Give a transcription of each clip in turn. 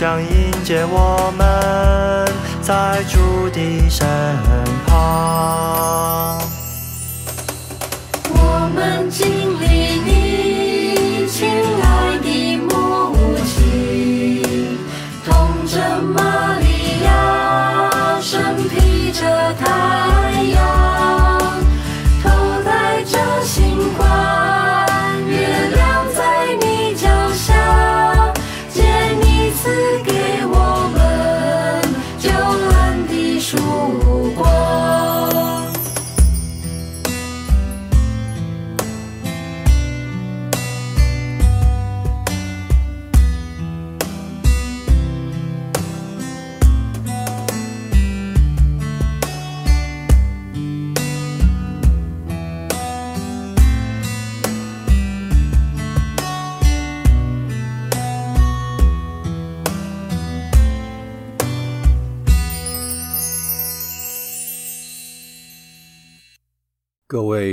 將迎接我們在主的身旁。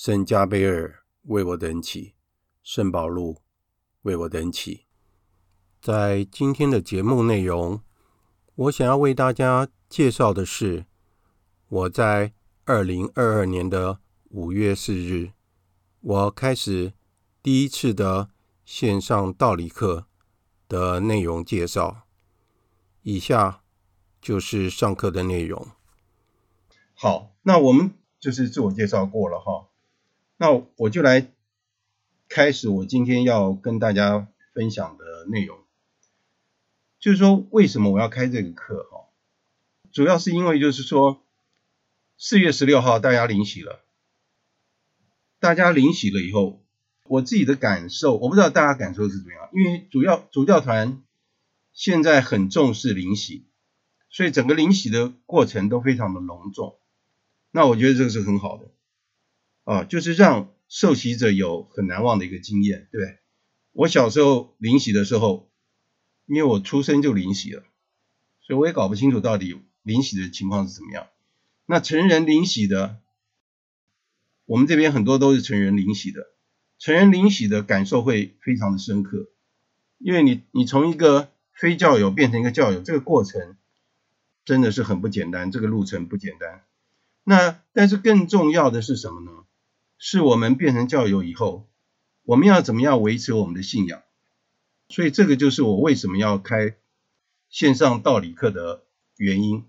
聖加貝爾為我等祈，聖保祿為我等祈。在今天的節目內容，我想要為大家介紹的是，我在二零二二年的五月四日，我開始第一次的線上道理課的內容介紹。以下就是上課的內容。好，那我們就是自我介紹過了哈。那我就來開始我今天要跟大家分享的內容，就是說為什麼我要開這個課哈，主要是因為就是說四月十六號大家領洗了，大家領洗了以後，我自己的感受，我不知道大家感受是怎麼樣，因為主要主教團現在很重視領洗，所以整個領洗的過程都非常的隆重，那我覺得這個是很好的。啊，就是讓受洗者有很難忘的一個經驗，對不對？我小時候領洗的時候，因為我出生就領洗了，所以我也搞不清楚到底領洗的情況是怎麼樣。那成人領洗的，我們這邊很多都是成人領洗的，成人領洗的感受會非常的深刻，因為你你從一個非教友變成一個教友，這個過程真的是很不簡單，這個路程不簡單。那但是更重要的是什麼呢？是我們變成教友以後，我們要怎麼樣維持我們的信仰？所以這個就是我為什麼要開線上道理課的原因。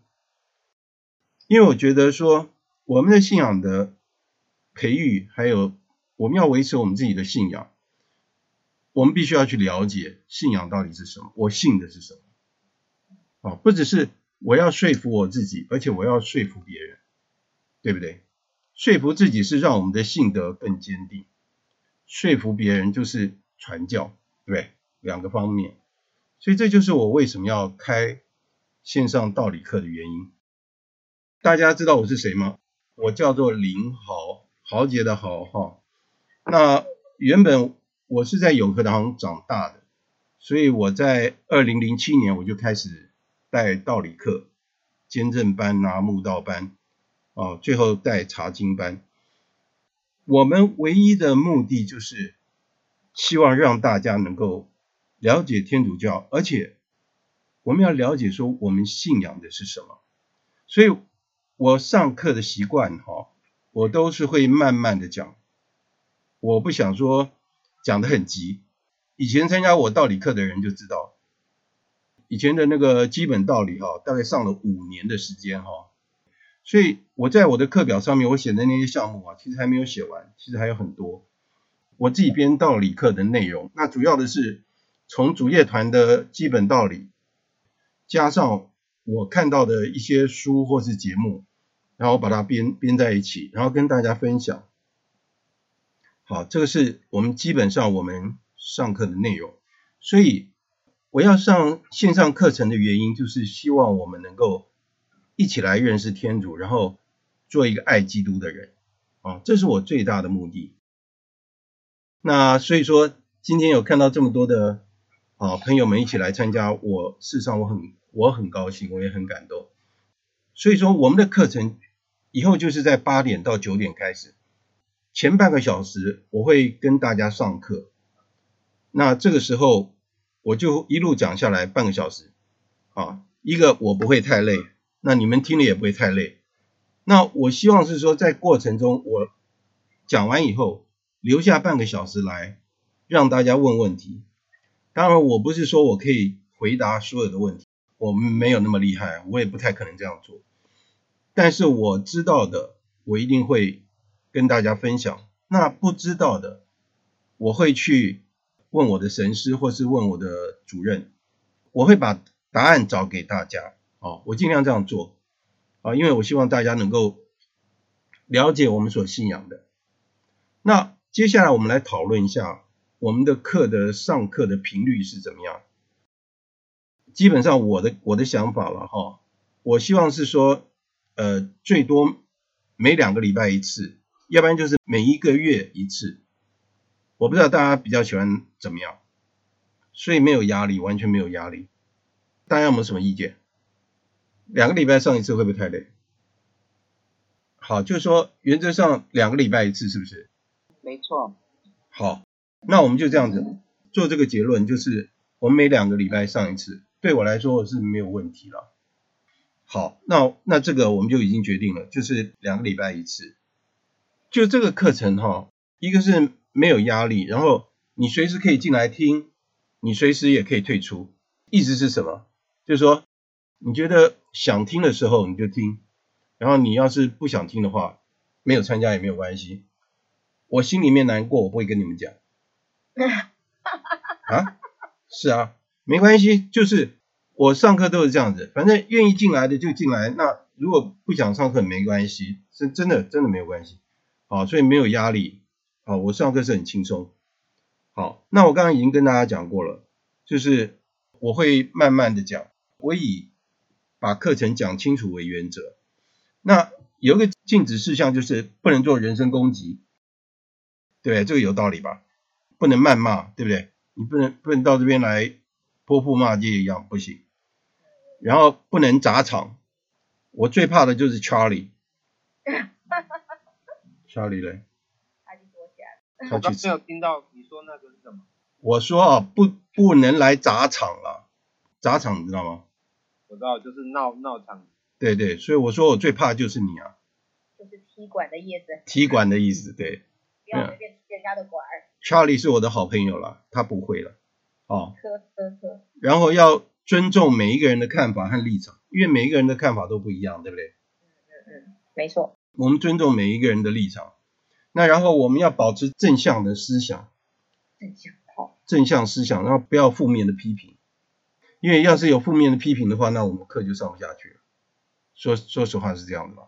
因為我覺得說我們的信仰的培育，還有我們要維持我們自己的信仰，我們必須要去了解信仰到底是什麼，我信的是什麼。啊，不只是我要說服我自己，而且我要說服別人，對不對？說服自己是讓我們的信德更堅定，說服別人就是傳教，對不對？兩個方面，所以這就是我為什麼要開線上道理課的原因。大家知道我是誰嗎？我叫做林豪豪杰，的豪。哈。那原本我是在永和堂長大的，所以我在二零零七年我就開始帶道理課、堅振班啊、拿慕道班。哦，最後帶查經班。我們唯一的目的就是希望讓大家能夠了解天主教，而且我們要了解說我們信仰的是什麼。所以，我上課的習慣哈，我都是會慢慢的講，我不想說講得很急。以前參加我道理課的人就知道，以前的那個基本道理哈，大概上了五年的時間哈。所以我在我的課表上面，我寫的那些項目啊，其實還沒有寫完，其實還有很多我自己編道理課的內容。那主要的是從主教團的基本道理，加上我看到的一些書或是節目，然後把它編編在一起，然後跟大家分享。好，這個是我們基本上我們上課的內容。所以我要上線上課程的原因，就是希望我們能夠，一起來認識天主，然後做一個愛基督的人啊！這是我最大的目的。那所以說，今天有看到這麼多的啊朋友們一起來參加，我事實上我很我很高興，我也很感動。所以說，我們的課程以後就是在八點到九點開始，前半個小時我會跟大家上課。那這個時候我就一路講下來半個小時啊，一個我不會太累。那你們聽了也不會太累。那我希望是說，在過程中我講完以後，留下半個小時來讓大家問問題。當然，我不是說我可以回答所有的問題，我們沒有那麼厲害，我也不太可能這樣做。但是我知道的，我一定會跟大家分享。那不知道的，我會去問我的神師或是問我的主任，我會把答案找給大家。啊，我盡量這樣做啊，因為我希望大家能夠了解我們所信仰的。那接下來我們來討論一下我們的課的上課的頻率是怎麼樣？基本上我的我的想法了哈，我希望是說，呃，最多每兩個禮拜一次，要不然就是每一個月一次。我不知道大家比較喜歡怎麼樣，所以沒有壓力，完全沒有壓力。大家有沒有什麼意見？兩個禮拜上一次會不會太累？好，就是說原則上兩個禮拜一次，是不是？沒錯。好，那我們就這樣子做這個結論，就是我們每兩個禮拜上一次，對我來說是沒有問題了。好，那那這個我們就已經決定了，就是兩個禮拜一次。就這個課程哈，一個是沒有壓力，然後你隨時可以進來聽，你隨時也可以退出。意思是什麼？就是說你覺得。想聽的時候你就聽，然後你要是不想聽的話，沒有參加也沒有關係。我心裡面難過，我不會跟你們講。啊？是啊，沒關係，就是我上課都是這樣子，反正願意進來的就進來。那如果不想上課沒關係，是真的，真的沒有關係。好，所以沒有壓力。好，我上課是很輕鬆。好，那我剛剛已經跟大家講過了，就是我會慢慢的講，我以。把課程講清楚為原則。那有個禁止事項就是不能做人身攻擊，對，對，這個有道理吧？不能謾罵，對不對？你不能不能到這邊來潑婦罵街一樣，不行。然後不能砸場，我最怕的就是 Charlie。 Charlie 嘞？他就躲起來了。我都沒有聽到你說那個是什麼。我說啊，不不能來砸場了，砸場你知道嗎？我知道，就是鬧鬧場，對對，所以我說我最怕就是你啊，就是踢館的,的意思。踢館的意思，對，不要變變家的管 Charlie 是我的好朋友了，他不會了，哦。呵呵呵。然後要尊重每一個人的看法和立場，因為每一個人的看法都不一樣，對不對？嗯嗯嗯，沒錯。我們尊重每一個人的立場，那然後我們要保持正向的思想。正向好。正向思想，然後不要負面的批評。因為要是有負面的批評的話，那我們課就上不下去了。說說實話是這樣的吧，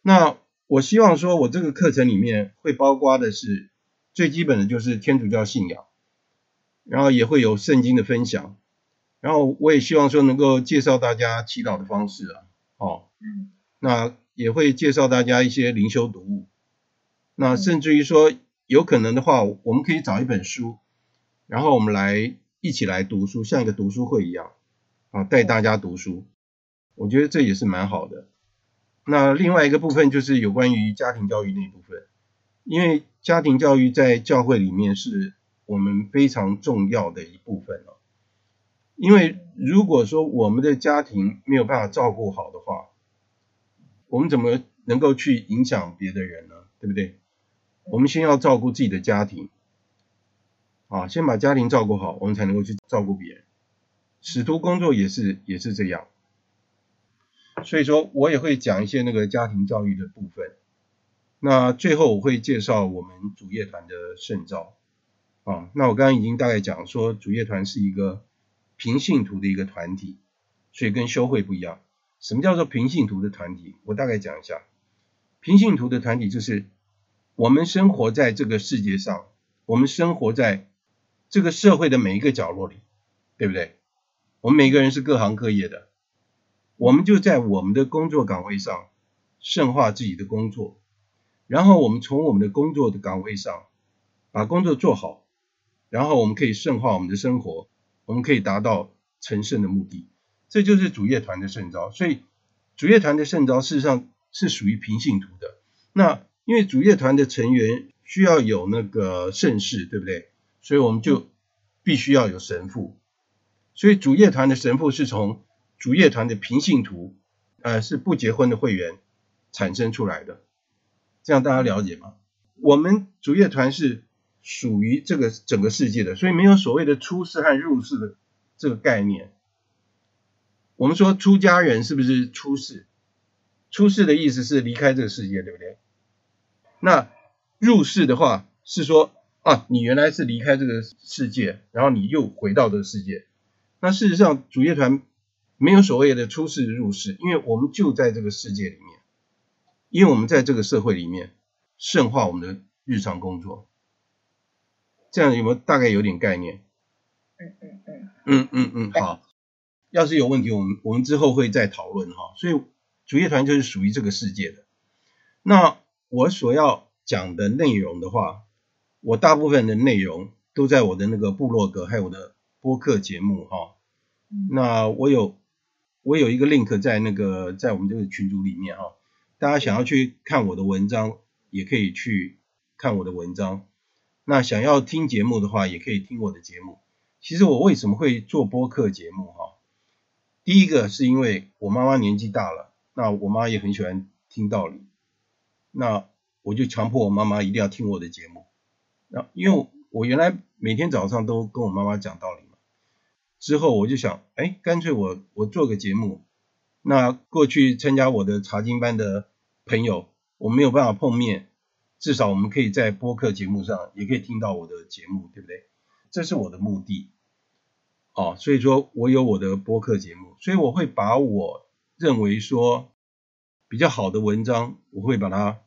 那我希望說，我這個課程裡面會包括的是最基本的就是天主教信仰，然後也會有聖經的分享，然後我也希望說能夠介紹大家祈禱的方式啊，哦，嗯，那也會介紹大家一些靈修讀物，那甚至於說有可能的話，我們可以找一本書，然後我們來。一起來讀書，像一個讀書會一樣啊，帶大家讀書，我覺得這也是蠻好的。那另外一個部分就是有關於家庭教育那一部分，因為家庭教育在教會裡面是我們非常重要的一部分。因為如果說我們的家庭沒有辦法照顧好的話，我們怎麼能夠去影響別的人呢？對不對？我們先要照顧自己的家庭。啊，先把家庭照顧好，我們才能夠去照顧別人。使徒工作也是也是這樣，所以說，我也會講一些那個家庭教育的部分。那最後我會介紹我們主業團的聖召。啊，那我剛剛已經大概講說，主業團是一個平信徒的一個團體，所以跟修會不一樣。什麼叫做平信徒的團體？我大概講一下，平信徒的團體就是我們生活在這個世界上，我們生活在。這個社會的每一個角落裡，對不對？我們每個人是各行各業的，我們就在我們的工作崗位上聖化自己的工作，然後我們從我們的工作的崗位上把工作做好，然後我們可以聖化我們的生活，我們可以達到成聖的目的。這就是主業團的聖召，所以主業團的聖召事實上是屬於平信徒的。那因為主業團的成員需要有那個聖事，對不對？所以我們就必須要有神父，所以主業團的神父是從主業團的平信徒，呃，是不結婚的會員產生出來的，這樣大家了解嗎？我們主業團是屬於這個整個世界的，所以沒有所謂的出世和入世的這個概念。我們說出家人是不是出世？出世的意思是離開這個世界，對不對？那入世的話是說。啊，你原來是離開這個世界，然後你又回到這個世界。那事實上，主業團沒有所謂的出世入世，因為我們就在這個世界裡面，因為我們在這個社會裡面，聖化我們的日常工作。這樣有沒有大概有點概念？嗯嗯嗯。嗯嗯嗯，好。要是有問題，我們我們之後會再討論哈。所以主業團就是屬於這個世界的。那我所要講的內容的話。我大部分的內容都在我的那個部落格，還有我的播客節目哈。那我有我有一個 link 在那個在我們這個群組裡面哈，大家想要去看我的文章，也可以去看我的文章。那想要聽節目的話，也可以聽我的節目。其實我為什麼會做播客節目哈？第一個是因為我媽媽年紀大了，那我媽也很喜歡聽道理，那我就強迫我媽媽一定要聽我的節目。因為我原來每天早上都跟我媽媽講道理嘛，之後我就想，哎，乾脆我我做個節目。那過去參加我的查經班的朋友，我沒有辦法碰面，至少我們可以在播客節目上也可以聽到我的節目，對不對？這是我的目的。哦，所以說我有我的播客節目，所以我會把我認為說比較好的文章，我會把它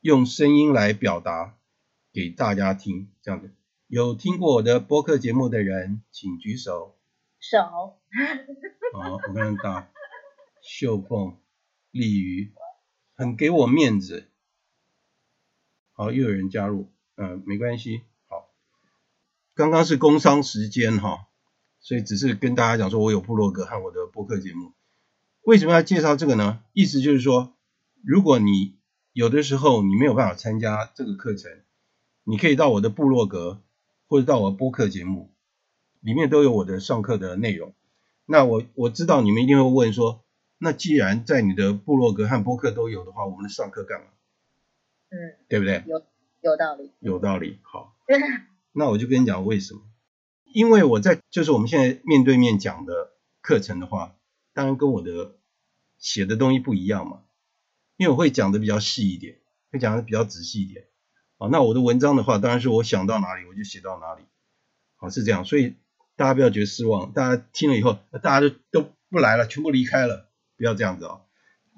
用聲音來表達。給大家聽，這樣子有聽過我的播客節目的人，請舉手。手。好，我看到秀鳳、鯉魚，很給我面子。好，又有人加入，嗯、呃，沒關係。好，剛剛是工商時間哈、哦，所以只是跟大家講說，我有部落格和我的播客節目。為什麼要介紹這個呢？意思就是說，如果你有的時候你沒有辦法參加這個課程。你可以到我的部落格，或者到我的播客節目，裡面都有我的上課的內容。那我我知道你們一定會問說，那既然在你的部落格和播客都有的話，我們的上課幹嘛？嗯，對不對？有有道理，有道理。好， 那我就跟你講為什麼？因為我在就是我們現在面對面講的課程的話，當然跟我的寫的東西不一樣嘛，因為我會講的比較細一點，會講的比較仔細一點，好，那我的文章的話，當然是我想到哪裡我就寫到哪裡，好，是這樣，所以大家不要覺得失望，大家聽了以後，大家都都不來了，全部離開了，不要這樣子哦。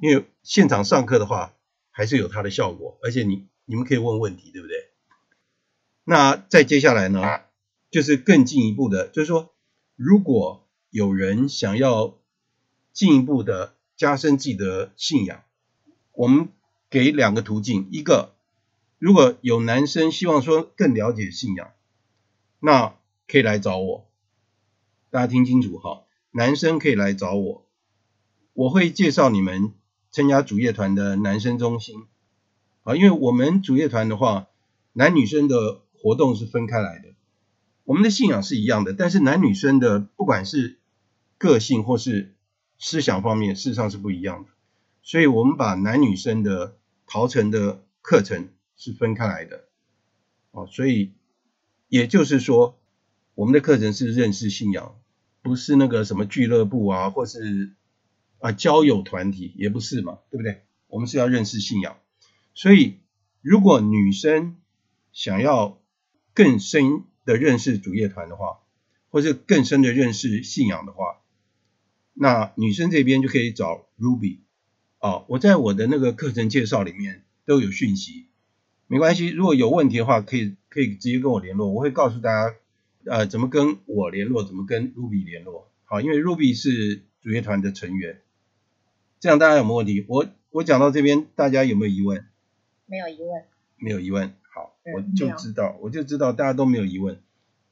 因為現場上課的話，還是有它的效果，而且你你們可以問問題，對不對？那再接下來呢，就是更進一步的，就是說，如果有人想要進一步的加深自己的信仰，我們給兩個途徑，一個。如果有男生希望說更了解信仰，那可以來找我。大家聽清楚哈，男生可以來找我，我會介紹你們參加主業團的男生中心。啊，因為我們主業團的話，男女生的活動是分開來的。我們的信仰是一樣的，但是男女生的不管是個性或是思想方面，事實上是不一樣的。所以，我們把男女生的陶成的課程是分開來的，哦，所以也就是說，我們的課程是認識信仰，不是那個什麼俱樂部啊，或是啊交友團體，也不是嘛，對不對？我們是要認識信仰，所以如果女生想要更深的認識主業團的話，或是更深的認識信仰的話，那女生這邊就可以找 Ruby，哦，我在我的那個課程介紹裡面都有訊息。沒關係，如果有問題的話，可以可以直接跟我聯絡，我會告訴大家，呃，怎麼跟我聯絡，怎麼跟 Ruby 聯絡。好，因為 Ruby 是主樂團的成員，這樣大家有沒有問題？我我講到這邊，大家有沒有疑問？沒有疑問？沒有疑問？好，我就知道，我就知道大家都沒有疑問。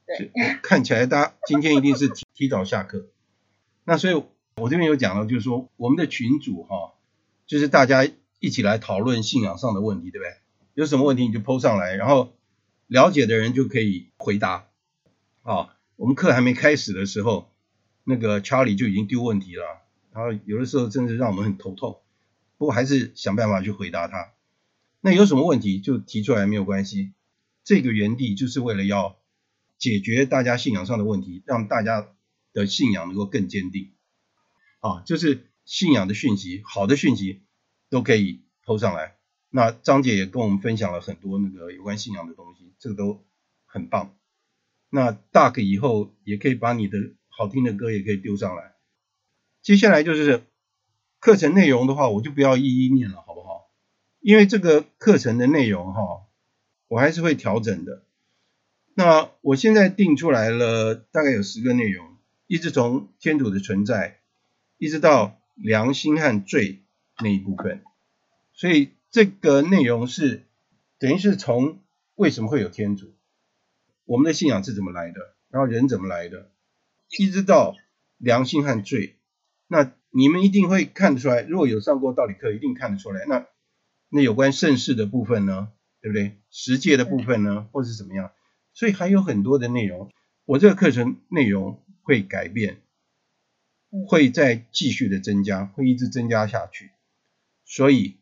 對，我看起來大家今天一定是提， 提早下課。那所以，我這邊有講到，就是說我們的群組哈、哦，就是大家一起來討論信仰上的問題，對不對？有什麼問題你就 po 上來，然後了解的人就可以回答。啊，我們課還沒開始的時候，那個 Charlie 就已經丟問題了，然後有的時候真的讓我們很頭痛，不過還是想辦法去回答他。那有什麼問題就提出來沒有關係，這個園地就是為了要解決大家信仰上的問題，讓大家的信仰能夠更堅定。啊，就是信仰的訊息，好的訊息都可以 po 上來。那張姐也跟我們分享了很多那個有關信仰的東西，這個都很棒。那大哥以後也可以把你的好聽的歌也可以丟上來。接下來就是課程內容的話，我就不要一一念了，好不好？因為這個課程的內容哈，我還是會調整的。那我現在定出來了，大概有十個內容，一直從天主的存在，一直到良心和罪那一部分，所以。這個內容是等於是從為什麼會有天主，我們的信仰是怎麼來的，然後人怎麼來的，一直到良心和罪。那你們一定會看得出來，如果有上過道理課，一定看得出來。那那有關聖事的部分呢，對不對？十誡的部分呢，或是怎麼樣？所以還有很多的內容，我這個課程內容會改變，會再繼續的增加，會一直增加下去。所以。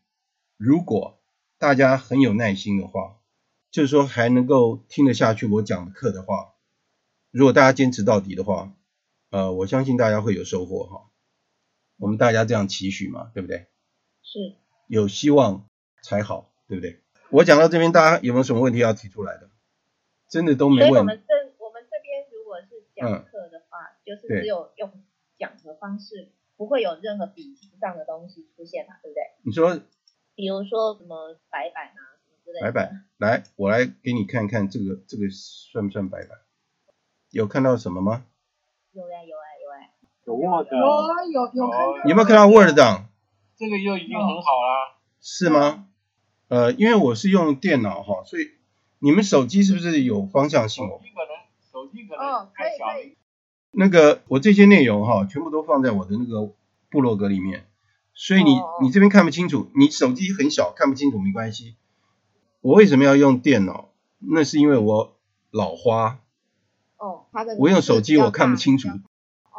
如果大家很有耐心的話，就是說還能夠聽得下去我講的課的話，如果大家堅持到底的話，呃，我相信大家會有收穫哈。我們大家這樣期許嘛，對不對？是，有希望才好，對不對？我講到這邊，大家有沒有什麼問題要提出來的？真的都沒問。所以我們這我們這邊如果是講課的話，嗯，就是只有用講的方式，不會有任何筆記上的東西出現嘛，對不對？你說。比如說什麼白板啊，什麼之類的。白板，來，我來給你看看這個，這個算不算白板？有看到什麼嗎？有呀有啊有啊有 Word。有有有沒有，有，有，有，有看到 Word 檔，哦哦？這個又已經很好了，啊。是嗎？呃，因為我是用電腦哈，哦，所以你們手機是不是有方向性？手機可能手機可能太小了。哦，那個我這些內容哈，哦，全部都放在我的那個部落格裡面。所以你你這邊看不清楚，oh, oh. 你手機很小看不清楚沒關係。我為什麼要用電腦？那是因為我老花。哦、oh，它在我用手機我看不清楚。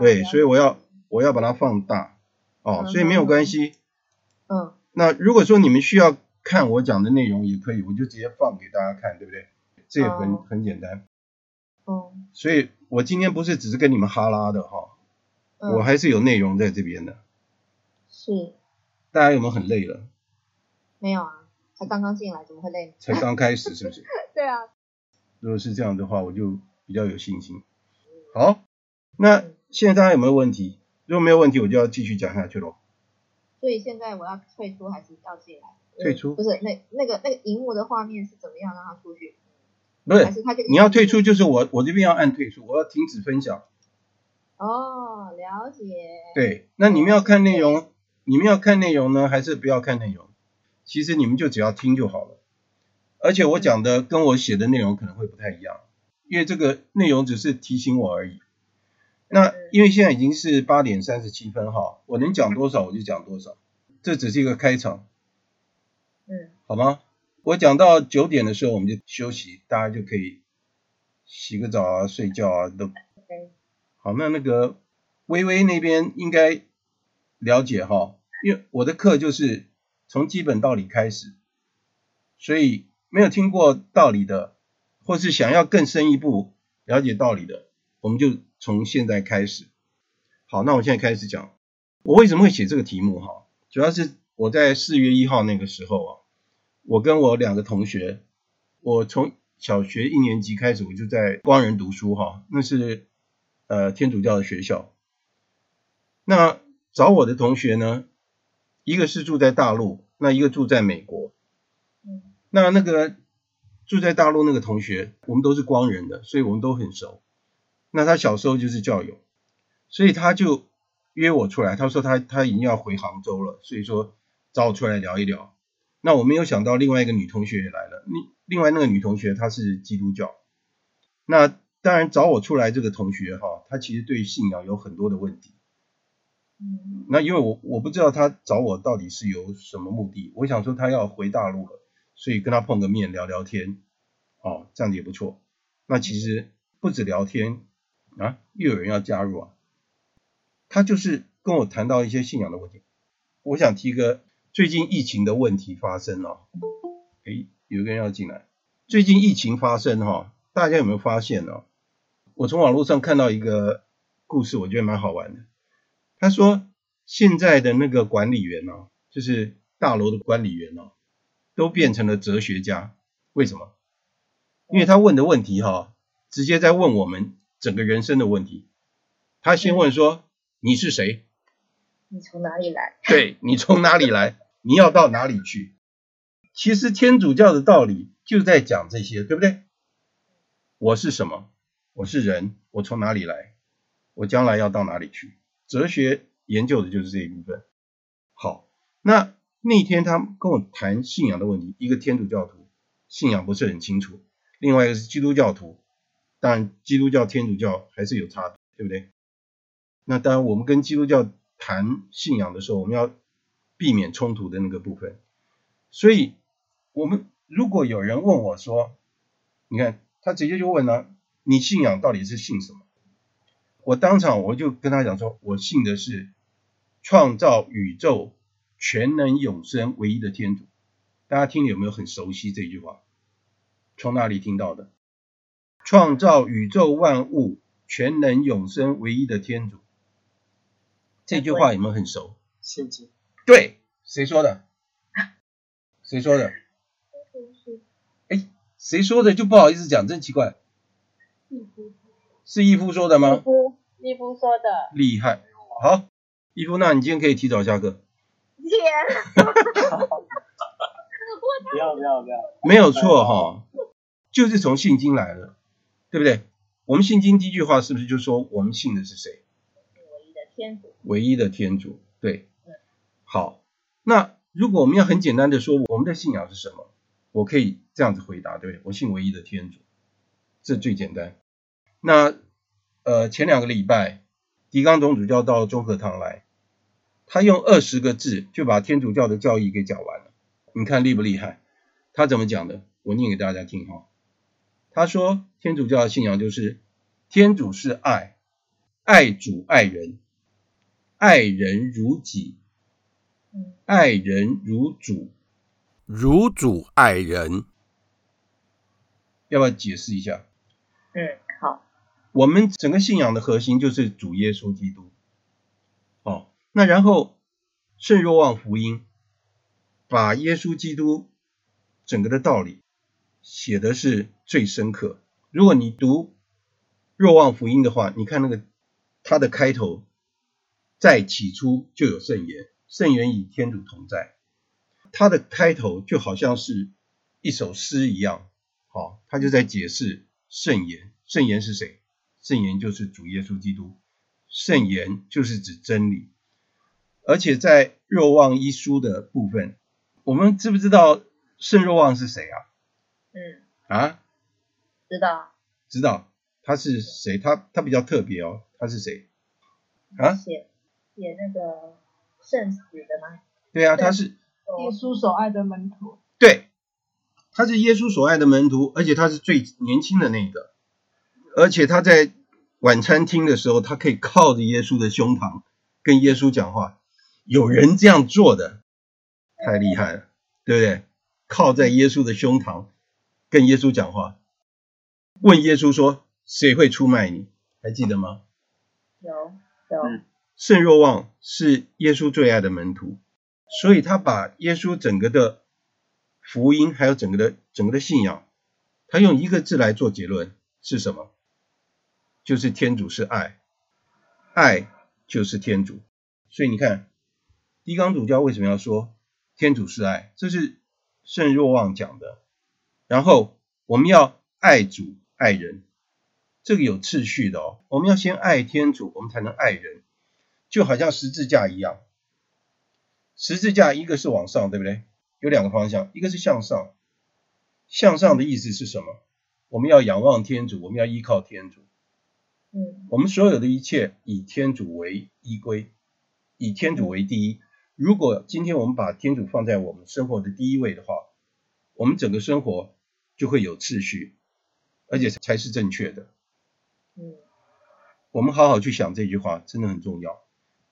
對、哦，所以我要我要把它放大。哦，嗯、所以沒有關係、嗯。嗯。那如果說你們需要看我講的內容，也可以，我就直接放給大家看，對不對？這也很、嗯、很簡單。哦、嗯。所以，我今天不是只是跟你們哈拉的哈、嗯，我還是有內容在這邊的。是，大家有沒有很累了？沒有啊，才剛剛進來，怎麼會累呢？才剛開始是不是？ 對啊。如果是這樣的話，我就比較有信心。嗯。好，那現在大家有沒有問題？如果沒有問題，我就要繼續講下去嘍。所以現在我要退出還是要進來？退出。不是，那那個那個螢幕的畫面是怎麼樣讓它出去？不是，是你要退出，就是我我這邊要按退出，我要停止分享。哦，了解。對，那你們要看內容。你們要看內容呢，還是不要看內容？其實你們就只要聽就好了。而且我講的跟我寫的內容可能會不太一樣，因為這個內容只是提醒我而已。那因為現在已經是八點三十七分哈，我能講多少我就講多少，這只是一個開場，嗯，好嗎？我講到九點的時候，我們就休息，大家就可以洗個澡啊、睡覺啊都。好，那那個微微那邊應該了解哈。因為我的課就是從基本道理開始，所以沒有聽過道理的，或是想要更深一步了解道理的，我們就從現在開始。好，那我現在開始講，我為什麼會寫這個題目哈？主要是我在四月一號那個時候啊，我跟我兩個同學，我從小學一年級開始我就在光仁讀書哈，那是呃天主教的學校。那找我的同學呢？一個是住在大陸，那一個住在美國。嗯，那那個住在大陸那個同學，我們都是光人的，所以我們都很熟。那他小時候就是教友，所以他就約我出來，他說他他已經要回杭州了，所以說找我出來聊一聊。那我沒有想到另外一個女同學也來了，另另外那個女同學她是基督教。那當然找我出來這個同學哈，她其實對信仰有很多的問題。那因為我我不知道他找我到底是有什麼目的，我想說他要回大陸了，所以跟他碰個面聊聊天，哦，這樣子也不錯。那其實不止聊天啊，又有人要加入啊。他就是跟我談到一些信仰的問題。我想提一個最近疫情的問題發生哦，誒，有一個人要進來。最近疫情發生哈、哦，大家有沒有發現哦？我從網絡上看到一個故事，我覺得蠻好玩的。他說：“現在的那個管理員呢，就是大樓的管理員呢，都變成了哲學家。為什麼？因為他問的問題哈，直接在問我們整個人生的問題。他先問說：‘你是誰？你從哪裡來？’對，你從哪裡來？你要到哪裡去？其實天主教的道理就在講這些，對不對？我是什麼？我是人。我從哪裡來？我將來要到哪裡去？”哲學研究的就是這一部分。好，那那天他跟我談信仰的問題，一個天主教徒，信仰不是很清楚，另外一個是基督教徒，但基督教、天主教還是有差別，對不對？那當然，我們跟基督教談信仰的時候，我們要避免衝突的那個部分。所以，我們如果有人問我說，你看，他直接就問了、啊，你信仰到底是信什麼？我當場我就跟他講說，我信的是創造宇宙、全能永生唯一的天主。大家聽了有沒有很熟悉這句話？從哪裡聽到的？創造宇宙萬物、全能永生唯一的天主，這句話有沒有很熟？聖經。對，誰說的？誰說的？哎，誰說的就不好意思講，真奇怪。是義父說的嗎？義父說的厲害。好，義父，那你今天可以提早下課。天、啊，哈哈哈，哈哈，不要不要不要，沒有錯哈， 就是從信經來了，對不對？我們信經第一句話是不是就說我們信的是誰？就是、唯一的天主。唯一的天主，對、嗯。好，那如果我們要很簡單的說我們的信仰是什麼，我可以這樣子回答，對不對？我信唯一的天主，這最簡單。那。呃，前兩個禮拜，狄剛總主教到中和堂來，他用二十個字就把天主教的教義給講完了。你看厲不厲害？他怎麼講的？我念給大家聽哈。他說：“天主教的信仰就是天主是愛，愛主愛人，愛人如己，愛人如主，如主愛人。”要不要解釋一下？嗯。我們整個信仰的核心就是主耶穌基督，好，那然後聖若望福音把耶穌基督整個的道理寫的是最深刻。如果你讀若望福音的話，你看那個它的開頭，在起初就有聖言，聖言與天主同在，它的開頭就好像是一首詩一樣，好，他就在解釋聖言，聖言是誰？聖言就是主耶穌基督，聖言就是指真理。而且在若望一書的部分，我們知不知道聖若望是誰啊？嗯，啊，知道，知道他是誰？他他比較特別哦，他是誰？啊，寫寫那個聖史的嗎？啊？對啊，他對，他是耶穌所愛的門徒。對，他是耶穌所愛的門徒，而且他是最年輕的那個。嗯而且他在晚餐廳的時候，他可以靠着耶穌的胸膛跟耶穌講話。有人這樣做的，太厲害了，對不對？靠在耶穌的胸膛跟耶穌講話，問耶穌說：“誰會出賣你？”還記得嗎？有有、嗯。聖若望是耶穌最愛的門徒，所以他把耶穌整個的福音，還有整個的整個的信仰，他用一個字來做結論，是什麼？就是天主是愛，愛就是天主，所以你看，狄剛主教為什麼要說天主是愛？這是聖若望講的。然後我們要愛主愛人，這個有次序的哦。我們要先愛天主，我們才能愛人，就好像十字架一樣。十字架一個是往上，對不對？有兩個方向，一個是向上，向上的意思是什麼？我們要仰望天主，我們要依靠天主。嗯，我們所有的一切以天主為依歸，以天主為第一。如果今天我們把天主放在我們生活的第一位的話，我們整個生活就會有秩序，而且才是正確的。嗯，我們好好去想這句話，真的很重要。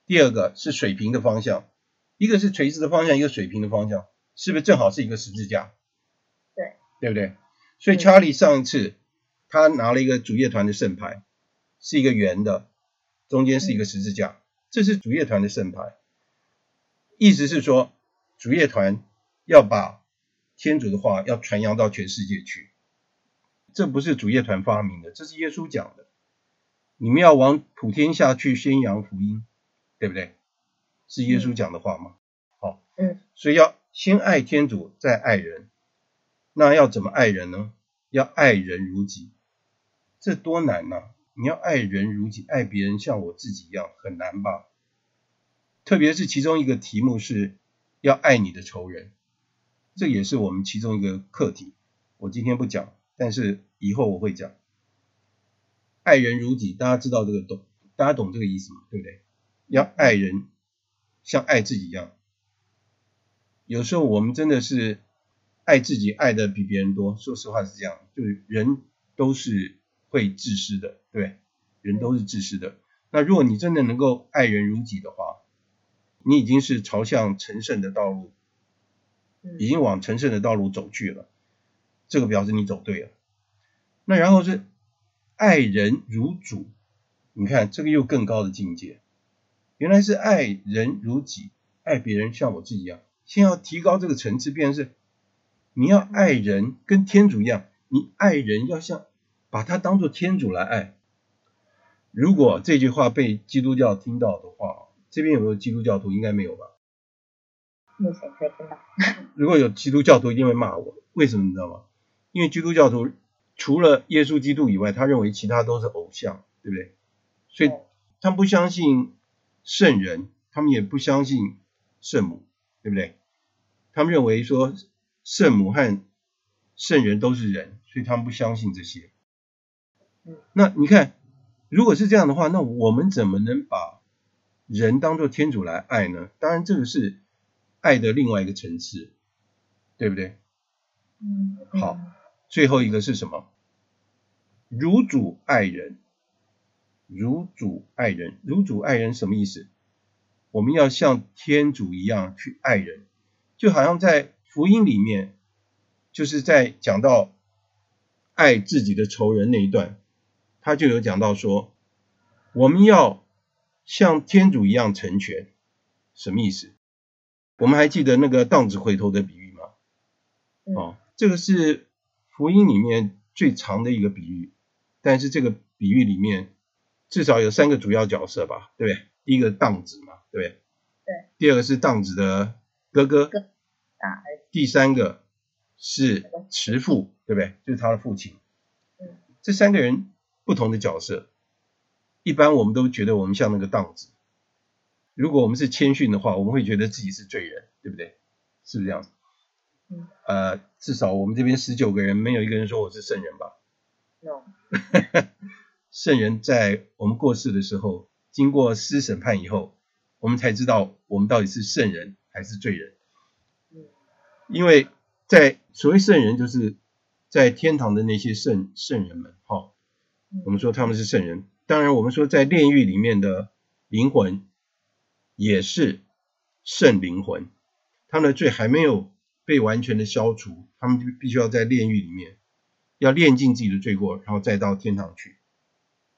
第二個是水平的方向，一個是垂直的方向，一個水平的方向，是不是正好是一個十字架？對，對不對？所以 Charlie 上一次，嗯、他拿了一個主業團的聖牌。是一個圓的，中間是一個十字架，這是主業團的聖牌，意思是說主業團要把天主的話要傳揚到全世界去，這不是主業團發明的，這是耶穌講的，你們要往普天下去宣揚福音，對不對？是耶穌講的話嗎？好，嗯，所以要先愛天主再愛人，那要怎麼愛人呢？要愛人如己，這多難吶、啊！你要愛人如己，愛別人像我自己一樣，很難吧？特別是其中一個題目是要愛你的仇人，這也是我們其中一個課題。我今天不講，但是以後我會講。愛人如己，大家知道這個懂，大家懂這個意思嗎？對不對？要愛人像愛自己一樣。有時候我們真的是愛自己愛的比別人多，說實話是這樣，就是人都是。會自私的，對人都是自私的。那如果你真的能夠愛人如己的話，你已經是朝向成聖的道路，已經往成聖的道路走去了。這個表示你走對了。那然後是愛人如主，你看這個又更高的境界。原來是愛人如己，愛別人像我自己一樣。先要提高這個層次，變成是你要愛人跟天主一樣，你愛人要像。把他當作天主來愛。如果這句話被基督教聽到的話，這邊有沒有基督教徒？應該沒有吧？沒有聽到。如果有基督教徒，一定會罵我。為什麼你知道嗎？因為基督教徒除了耶穌基督以外，他認為其他都是偶像，對不對？所以，他們不相信聖人，他們也不相信聖母，對不對？他們認為說聖母和聖人都是人，所以他們不相信這些。那你看，如果是這樣的話，那我們怎麼能把人當作天主來愛呢？當然，這個是愛的另外一個層次，對不對？嗯。好，最後一個是什麼？如主愛人，如主愛人，如主愛人什麼意思？我們要像天主一樣去愛人，就好像在福音裡面，就是在講到愛自己的仇人那一段。他就有講到說，我們要像天主一樣成全，什麼意思？我們還記得那個蕩子回頭的比喻嗎？嗯。哦，這個是福音裡面最長的一個比喻，但是這個比喻裡面至少有三個主要角色吧，對不對？第一個蕩子嘛，對不對？對。第二個是蕩子的哥哥，哥。啊。第三個是慈父，對不對？就是他的父親。嗯。這三個人。不同的角色，一般我們都覺得我們像那個蕩子。如果我們是謙遜的話，我們會覺得自己是罪人，對不對？是不是這樣子？呃，至少我們這邊十九個人沒有一個人說我是聖人吧，No. 聖人，在我們過世的時候，經過私審判以後，我們才知道我們到底是聖人還是罪人。因為在所謂聖人，就是在天堂的那些聖聖人們，哈、哦。嗯、我們說他們是聖人，當然我們說在煉獄裡面的靈魂也是聖靈魂，他們的罪還沒有被完全的消除，他們就必須要在煉獄裡面要煉盡自己的罪過，然後再到天堂去。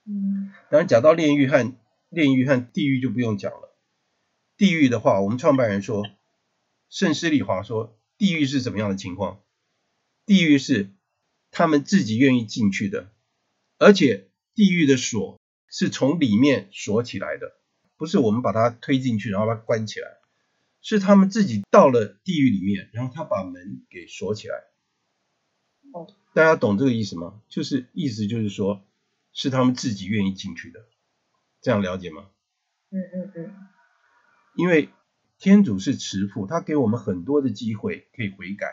嗯，當然講到煉獄和煉獄和地獄就不用講了，地獄的話，我們創辦人說，聖施禮華說，地獄是怎麼樣的情況？地獄是他們自己願意進去的。而且地獄的鎖是從裡面鎖起來的，不是我們把它推進去，然後把它關起來，是他們自己到了地獄裡面，然後他把門給鎖起來。大家懂這個意思嗎？就是意思就是說，是他們自己願意進去的，這樣了解嗎？嗯嗯嗯。因為天主是慈父，他給我們很多的機會可以悔改，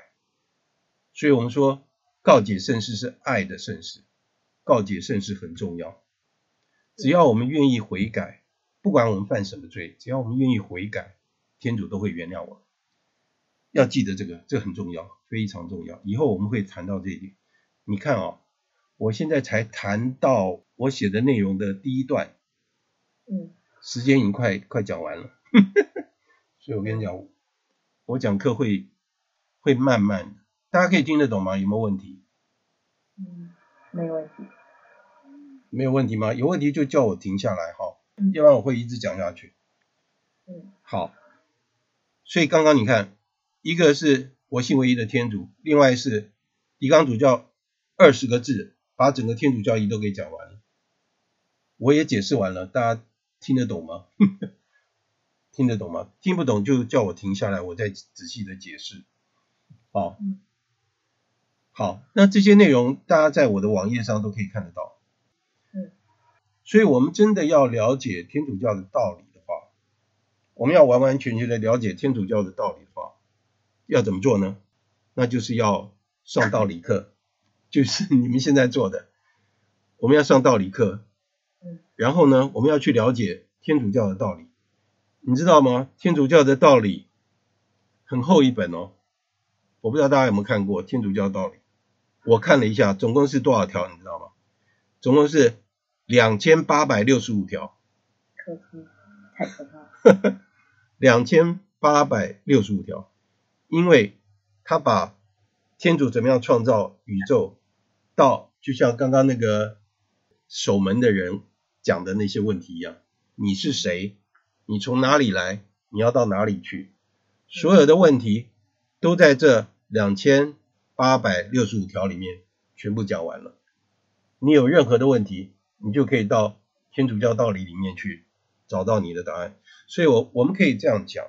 所以我們說告解聖事是愛的聖事。告解聖事很重要，只要我們願意悔改，不管我們犯什麼罪，只要我們願意悔改，天主都會原諒我。要記得這個，這很重要，非常重要。以後我們會談到這一點。你看啊、哦，我現在才談到我寫的內容的第一段，嗯、時間已經快快講完了。 所以我跟你講，我講課會會慢慢的，大家可以聽得懂嗎？有沒有問題？嗯。沒有問題，沒有問題嗎？有問題就叫我停下來哈，要不然我會一直講下去。嗯，好。所以剛剛你看，一個是我信唯一的天主，另外是狄剛主教二十個字把整個天主教義都給講完了，我也解釋完了，大家聽得懂嗎？ 聽得懂嗎？聽不懂就叫我停下來，我再仔細的解釋。好。好，那這些內容大家在我的網頁上都可以看得到。嗯，所以，我們真的要了解天主教的道理的話，我們要完完全全的了解天主教的道理的話，要怎麼做呢？那就是要上道理課，就是你們現在做的。我們要上道理課，嗯，然後呢，我們要去了解天主教的道理。你知道嗎？天主教的道理很厚一本哦，我不知道大家有沒有看過天主教道理。我看了一下，總共是多少條，你知道嗎？總共是兩千八百六十五條，可惜太可怕了。兩千八百六十五條，因為他把天主怎麼樣創造宇宙，嗯、到就像剛剛那個守門的人講的那些問題一樣：你是誰？你從哪裡來？你要到哪裡去？嗯、所有的問題都在這兩千。八百六十五條裡面全部講完了，你有任何的問題，你就可以到天主教道理裡面去找到你的答案。所以，我我們可以這樣講，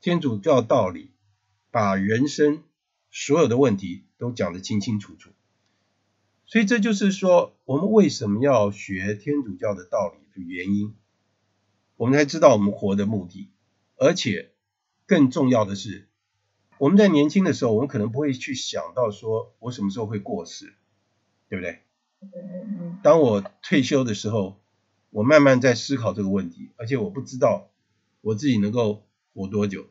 天主教道理把人生所有的問題都講得清清楚楚。所以，這就是說，我們為什麼要學天主教的道理的原因，我們才知道我們活的目的。而且，更重要的是。我們在年輕的時候，我們可能不會去想到說，我什麼時候會過世，對不對？當我退休的時候，我慢慢在思考這個問題，而且我不知道我自己能夠活多久，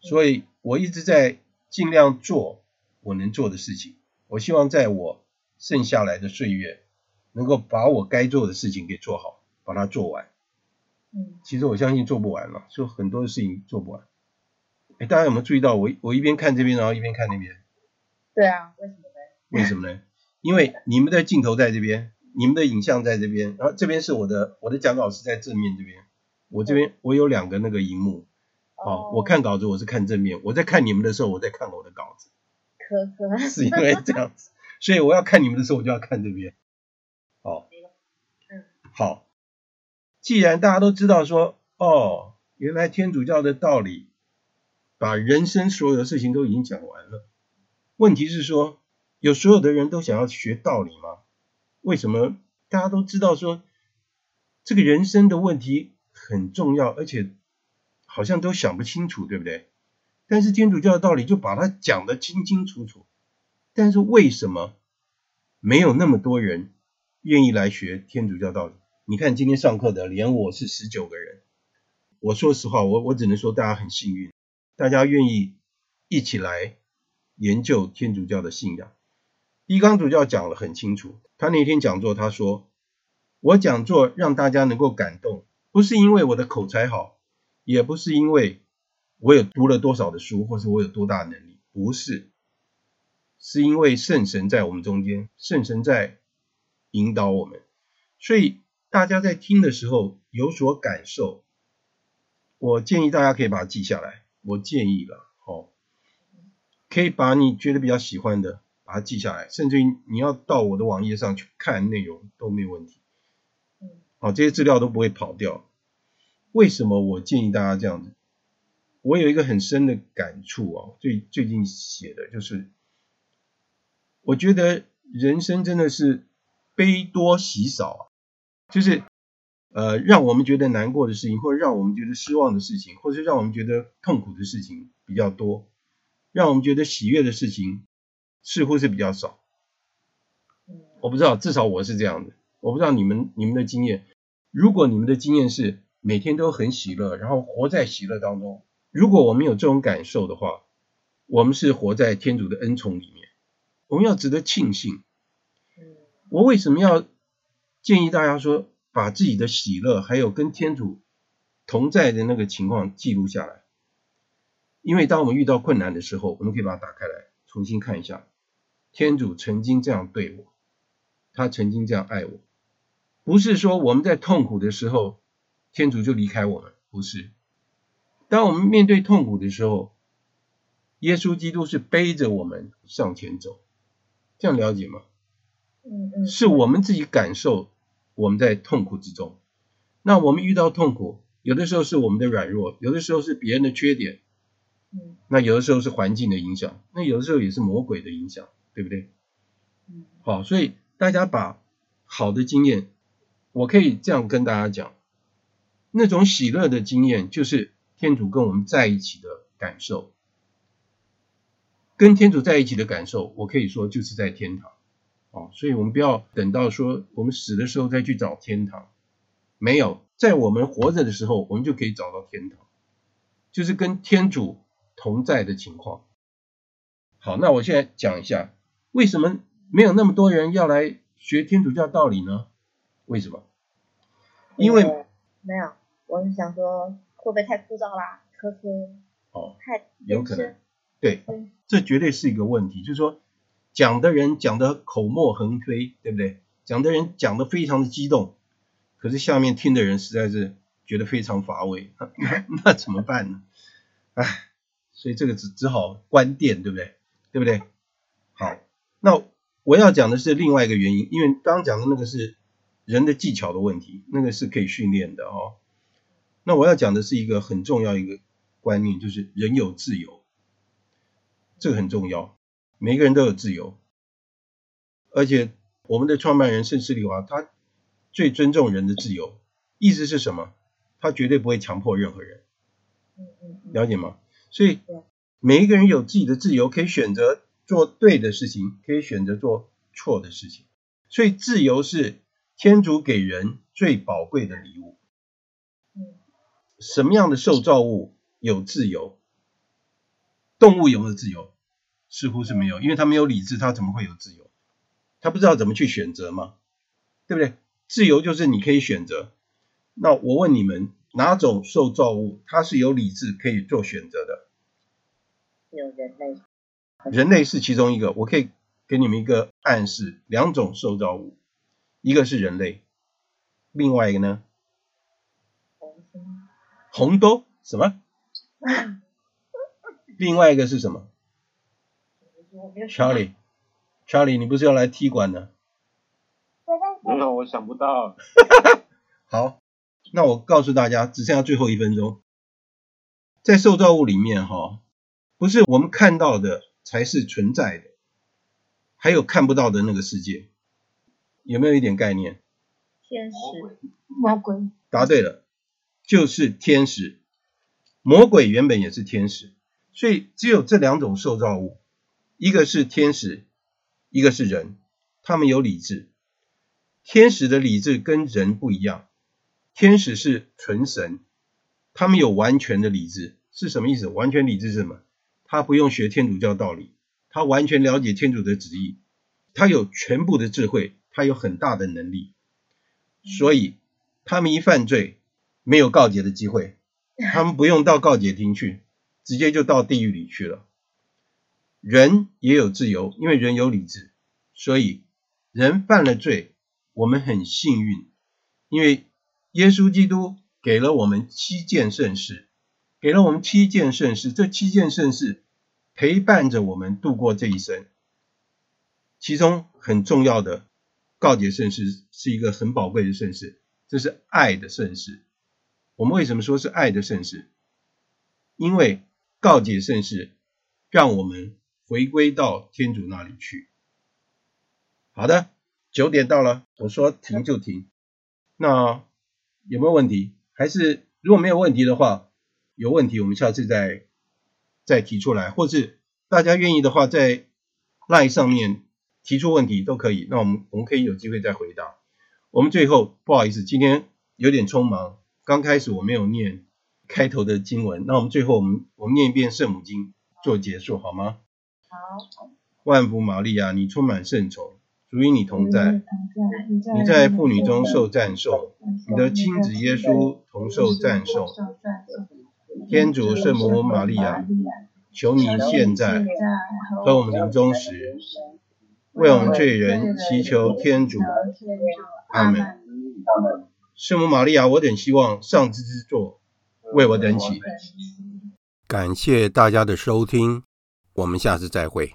所以我一直在盡量做我能做的事情。我希望在我剩下來的歲月，能夠把我該做的事情給做好，把它做完。嗯。其實我相信做不完了，就很多的事情做不完。哎，大家有沒有注意到我？我一邊看這邊，然後一邊看那邊。對啊，為什麼呢？為什麼呢？因為你們的鏡頭在這邊，你們的影像在這邊，然後這邊是我的，我的講稿是在正面這邊。我這邊我有兩個那個熒幕，好、哦，我看稿子我是看正面，哦、我在看你們的時候，我在看我的稿子。可可是因為這樣子，所以我要看你們的時候，我就要看這邊。好、嗯，好，既然大家都知道說，哦，原來天主教的道理，把人生所有的事情都已經講完了，問題是說有所有的人都想要學道理嗎？為什麼大家都知道說這個人生的問題很重要，而且好像都想不清楚，對不對？但是天主教的道理就把它講得清清楚楚，但是為什麼沒有那麼多人願意來學天主教道理？你看今天上課的連我是十九個人，我說實話，我我只能說大家很幸運。大家願意一起來研究天主教的信仰。伊剛主教講了很清楚，他那天講座，他說：“我講座讓大家能夠感動，不是因為我的口才好，也不是因為我有讀了多少的書，或是我有多大的能力，不是，是因為聖神在我們中間，聖神在引導我們。所以大家在聽的時候有所感受，我建議大家可以把它記下來。”我建議了，哦，可以把你覺得比較喜歡的，把它記下來，甚至於你要到我的網頁上去看內容都沒有問題。好、哦，這些資料都不會跑掉。為什麼我建議大家這樣子？我有一個很深的感觸啊、哦，最最近寫的就是，我覺得人生真的是悲多喜少啊，就是。呃，讓我們覺得難過的事情，或者讓我們覺得失望的事情，或者讓我們覺得痛苦的事情比較多，讓我們覺得喜悅的事情似乎是比較少。我不知道，至少我是這樣的。我不知道你們你們的經驗。如果你們的經驗是每天都很喜樂，然後活在喜樂當中，如果我們有這種感受的話，我們是活在天主的恩寵裡面，我們要值得慶幸。我為什麼要建議大家說，把自己的喜樂，還有跟天主同在的那個情況記錄下來，因為當我們遇到困難的時候，我們可以把它打開來重新看一下，天主曾經這樣對我，他曾經這樣愛我，不是說我們在痛苦的時候，天主就離開我們，不是。當我們面對痛苦的時候，耶穌基督是背着我們向前走，這樣了解嗎？是我們自己感受。我們在痛苦之中，那我們遇到痛苦，有的時候是我們的軟弱，有的時候是別人的缺點，嗯，那有的時候是環境的影響，那有的時候也是魔鬼的影響，對不對？嗯，好，所以大家把好的經驗，我可以這樣跟大家講，那種喜樂的經驗，就是天主跟我們在一起的感受，跟天主在一起的感受，我可以說就是在天堂。哦，所以我們不要等到說我們死的時候再去找天堂，沒有，在我們活着的時候，我們就可以找到天堂，就是跟天主同在的情況。好，那我現在講一下，為什麼沒有那麼多人要來學天主教道理呢？為什麼？因為沒有，我是想說，會不會太枯燥啦？呵呵，哦，太有可能，對，這絕對是一個問題，就是說。講的人講的口沫橫飛，對不對？講的人講的非常的激動，可是下面聽的人實在是覺得非常乏味，那，那怎麼辦呢？哎，所以這個只只好關店，對不對？對不對？好，那我要講的是另外一個原因，因為剛，剛講的那個是人的技巧的問題，那個是可以訓練的哦。那我要講的是一個很重要一個觀念，就是人有自由，這個很重要。每個人都有自由，而且我們的創辦人聖斯利華他最尊重人的自由。意思是什麼？他絕對不會強迫任何人。嗯嗯，了解嗎？所以每一個人有自己的自由，可以選擇做對的事情，可以選擇做錯的事情。所以自由是天主給人最寶貴的禮物。什麼樣的受造物有自由？動物有沒有自由？似乎是沒有，因為他沒有理智，他怎麼會有自由？他不知道怎麼去選擇嗎？對不對？自由就是你可以選擇。那我問你們，哪種受造物它是有理智可以做選擇的？有人類。人類是其中一個，我可以給你們一個暗示，兩種受造物，一個是人類，另外一個呢？嗯，紅紅都什麼？啊？另外一個是什麼？查理，查理，你不是要來踢館的？沒有，我想不到。 好，那我告訴大家，只剩下最後一分鐘。在受造物裡面，哈，不是我們看到的才是存在的，還有看不到的那個世界，有沒有一點概念？天使、魔鬼。答對了，就是天使。魔鬼原本也是天使，所以只有這兩種受造物。一個是天使，一個是人，他們有理智。天使的理智跟人不一樣，天使是純神，他們有完全的理智，是什麼意思？完全理智是什麼？他不用學天主教道理，他完全了解天主的旨意，他有全部的智慧，他有很大的能力，所以他們一犯罪，沒有告解的機會，他們不用到告解廳去，直接就到地獄裡去了。人也有自由，因為人有理智，所以人犯了罪，我們很幸運，因為耶穌基督給了我們七件聖事，給了我們七件聖事，這七件聖事陪伴着我們度過這一生。其中很重要的告解聖事是一個很寶貴的聖事，這是愛的聖事。我們為什麼說是愛的聖事？因為告解聖事讓我們回歸到天主那裡去。好的，九點到了，我說停就停。那有沒有問題？還是如果沒有問題的話，有問題我們下次再再提出來，或是大家願意的話，在 line 上面提出問題都可以。那我們我們可以有機會再回答。我們最後不好意思，今天有點匆忙，剛開始我沒有念開頭的經文。那我們最後我們我們念一遍聖母經做結束好嗎？好，萬福瑪利亞，你充滿聖寵，主與你同在，你在婦女中受讚頌，你的親子耶穌同受讚頌，天主聖母瑪利亞，求你現在和我們臨終時，為我們罪人祈求天主。阿門，阿門。聖母瑪利亞，我等希望上智之座，為我等祈。感謝大家的收聽。我們下次再會。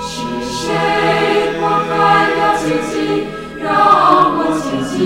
是誰撥開了荊棘，讓我前進？